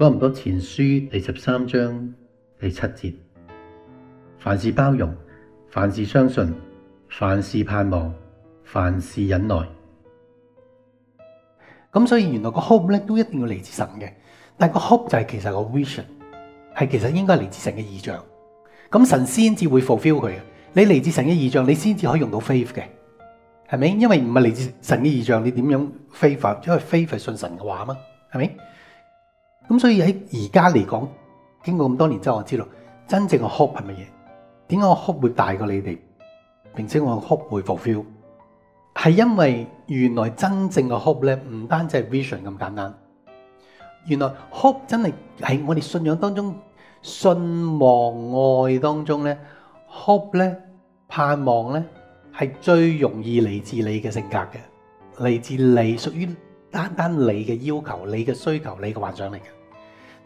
《哥林多前書》第十三章第七節：凡事包容，凡事相信，凡事盼望，凡事忍耐。咁所以原來個 hope 咧，都一定要嚟自神嘅，但係個 hope 就係其實個 vision，係其實應該嚟自神嘅意象。咁神先至會 fulfill 佢嘅，你嚟自神嘅意象，你先至可以用到 faith 嘅，係咪？因為唔係嚟自神嘅意象，你點樣 faith？因為 faith 係信神嘅話嘛，係咪？咁所以喺而家嚟講，經過咁多年之後，我知道真正嘅 hope 係乜嘢？點解我 hope 會大過你哋，並且我 hope 會 fulfill？係因為原來真正嘅 hope 咧，唔單止係 vision 咁簡單。原來 hope 真係喺我哋信仰當中，信望愛當中咧，hope 咧、盼望咧，係最容易嚟自你嘅性格嘅，嚟自你屬於單單你嘅要求、你嘅需求、你嘅幻想嚟嘅。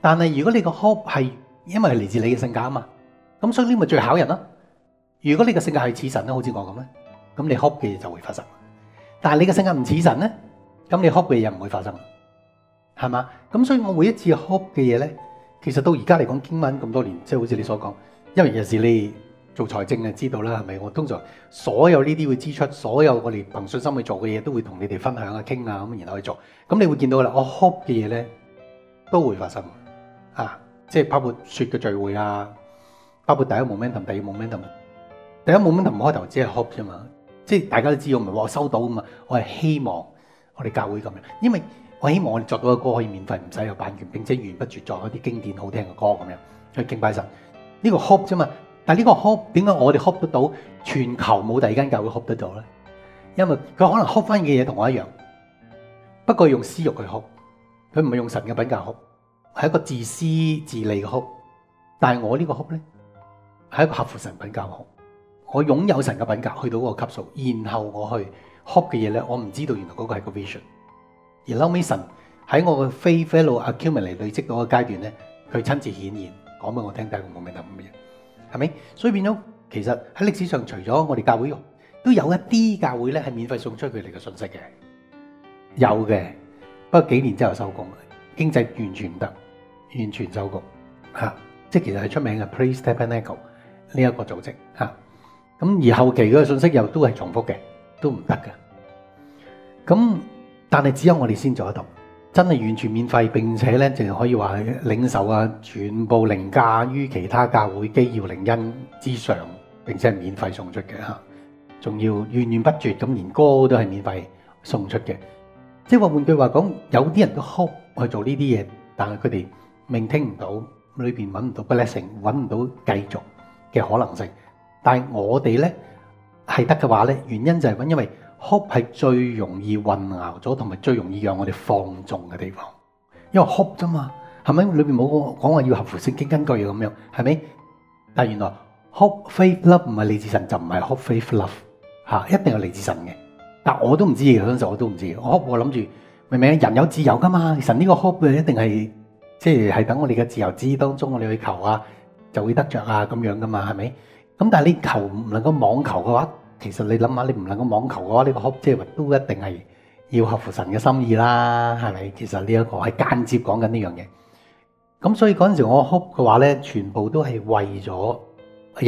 但係如果你個 hope 係因為係嚟自你嘅性格啊嘛，咁所以呢咪最考人咯。如果你嘅性格係似神咧，好似我咁咧，咁你 hope 嘅嘢就會發生。但係你嘅性格唔似神咧，咁你 hope 嘅嘢又唔會發生，係嘛？咁所以我每一次 hope 嘅嘢咧，其實到而家嚟講經文咁多年，即係好似你所講，因為有時你做財政啊知道啦，係咪？我通常所有呢啲會支出，所有我哋憑信心去做嘅嘢，都會同你哋分享啊、傾啊咁，然後去做。咁你會見到啦，我 hope 嘅嘢咧都會發生。啊！即係包括雪嘅聚會啊，包括第一冇 momentum，第二冇 momentum，第一冇 momentum 唔開頭，只係 hope 啫嘛。即係大家都知道我唔係話收到咁啊，我係希望我哋教會咁樣，因為我希望我哋作到嘅歌可以免費，唔使有版權，並且永不絕作嗰啲經典好聽嘅歌咁樣去敬拜神。呢個 hope 啫嘛，但係呢個 hope 點解我哋 hope 得到，全球冇第二間教會 hope 得到咧？因為佢可能 hope 翻嘅嘢同我一樣，不過用私欲去 hope，佢唔係用神嘅品格 hope。係一個自私自利嘅哭，但係我這個呢個哭咧，係一個合乎神品格嘅哭。我擁有神嘅品格，去到嗰個級數，然後我去哭嘅嘢咧，我唔知道原來嗰個係個 vision。而 LaMaison 喺我嘅非 fellow accumulate 累積到嘅階段咧，佢親自顯現講俾我聽，睇我明咗乜嘢，係咪？所以變咗，其實喺歷史上，除咗我哋教會用，都有一啲教會咧係免費送出佢哋嘅信息嘅，有嘅。不過幾年之後收工，經濟完全唔得。完全收局嚇，即係其實係出名嘅 Please step and Echo 呢一個組織嚇。咁而後期嗰個信息又都係重複嘅，都唔得嘅。咁但係只有我哋先做得到，真係完全免費，並且咧，淨係可以話領受啊，全部凌駕於其他教會基要靈恩之上，並且係免費送出嘅嚇。仲要源源不絕咁，連歌都係免費送出嘅。即係話換句話講，有啲人都哭去做呢啲嘢，但係佢哋。命聽唔到，裏邊揾唔到 blessing，揾唔到繼續嘅可能性。但係我哋咧係得嘅話咧，原因就係揾，因為 hope 係最容易混淆咗，同埋最容易讓我哋放縱嘅地方。因為 hope 咋嘛，係咪裏邊冇講話要合乎聖經根據要咁樣，係咪？但原來 hope faith love 唔係嚟自神就唔係 hope faith love，嚇，一定係嚟自神嘅。但我都唔知嗰時候，我都唔知我我諗住，明唔明？人有自由噶嘛，神呢個 hope 呢一定係。即係等我哋嘅自由之當中，我哋去求啊，就會得著啊咁樣噶嘛，係咪？咁但係你求唔能夠妄求嘅話，其實你諗下，你唔能夠妄求嘅話，呢個 hope 即係話都一定係要合乎神嘅心意啦，係咪？其實呢一個係間接講緊呢樣嘢。咁所以嗰陣時我 hope 嘅話咧，全部都係為咗，又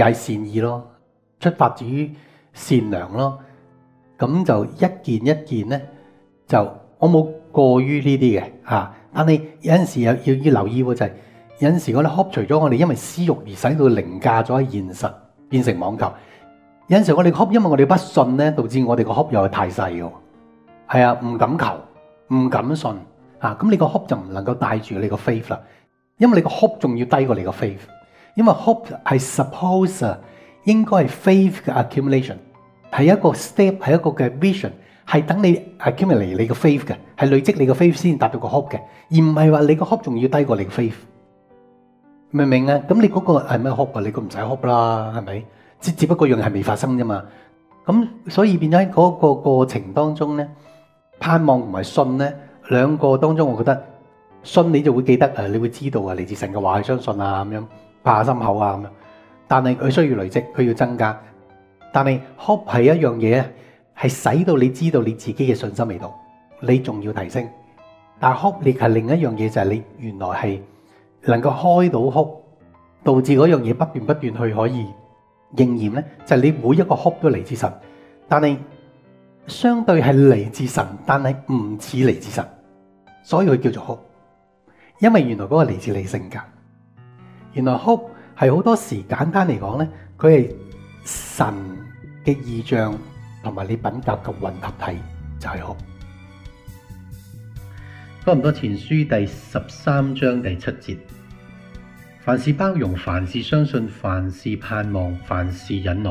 係善意咯，出發於善良咯。咁就一件一件咧，就我冇過於呢啲嘅嚇。但你有陣時又要留意喎，就係有陣時我哋 hope 除咗我哋因為私欲而使到凌駕咗喺現實，變成妄求。有陣時我哋 hope 因為我哋不信咧，導致我哋個 hope 又係太細嘅，係啊，唔敢求，唔敢信啊，咁你個 hope 就唔能夠帶住你個 faith 啦，因為你個 hope 仲要低過你個 faith，因為 hope 係 suppose 應該係 faith 嘅 accumulation，係一個 step，係一個嘅 vision。係等你 accumulate 你個 faith 嘅，係累積你個 faith 先達到個 hope 嘅，而唔係話你個 hope 仲要低過你個 faith，明唔明啊？咁你嗰個係咩 hope 啊？你個唔使 hope 啦，係咪？只只不過樣係未發生啫嘛。咁所以變咗喺嗰個過程當中咧，盼望同埋信咧，兩個當中我覺得信你就會記得啊，你會知道啊，嚟自神嘅話係相信啊咁樣，怕下心口啊咁樣。但係佢需要累積，佢要增加。但係 hope 係一樣嘢啊。係使到你知道你自己嘅信心未到，你仲要提升。但哭，呢係另一樣嘢，就係你原來係能夠開到哭，導致嗰樣嘢不斷不斷去可以仍然咧。就係你每一個哭都嚟自神，但係相對係嚟自神，但係唔似嚟自神，所以佢叫做哭。因為原來嗰個嚟自你性格，原來哭係好多時簡單嚟講咧，佢係神嘅意象。同埋你品格嘅混合體就係、是、哥林多前書第十三章第七節，凡事包容，凡事相信，凡事盼望，凡事忍耐。